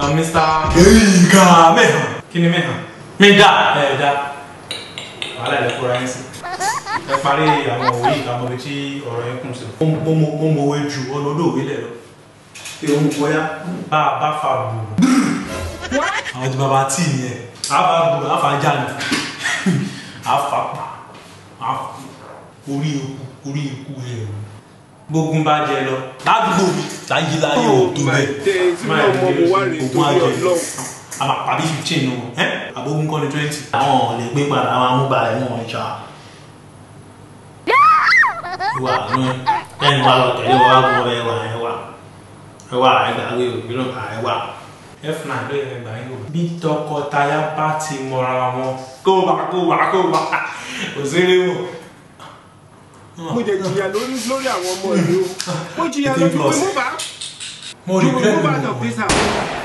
Ah, Mr. Kèéyìká meha. Kini meha. mẹ́hàn? Mi Ala Ẹ dà. Wàhálà ilẹ̀ kóra yín sí. Ẹ parí àwọn òwe yìí ká mọ ibi tí ọ̀rọ̀ yẹn kùn sí. Ó ń mọ òwe ju ọlọ́dọ̀ òwe lẹ̀ lọ. Èwo ń kọ́yá? Bá a bá fa bù. Àwọn ti bàbá tí ì yẹn. A bá bù a fa jà nù. A fa pa. Orí ikú orí ikú yẹn gbógun bá jẹ lọ ládùúgbò mi láyéláyé ò tó bẹ́ẹ̀ oh, máa ń gbé ogun àjẹ àmà pàbí fifteen nù ẹ àbógun kọ́ni twenty. àwọn ọ̀lẹ́ gbé padà àwọn amúgbà ẹ̀wọ̀n ìjà ìwà àánú ẹ̀ ń wá lọ tẹ̀lé wa wọ ẹwà ẹwà ẹwà ẹgbàáwé òbíràn ẹwà ẹfúnà ló yẹ ẹgbàá yìí wò. bí tọkọtaya bá ti mọra wọn kó wà kó wà kó wà òṣèré wọn mo jẹ jìyà lórí lórí àwọn ọmọ ìlú mo jìyà lórí pé mo bá mo bá lọ pèsè àwọn.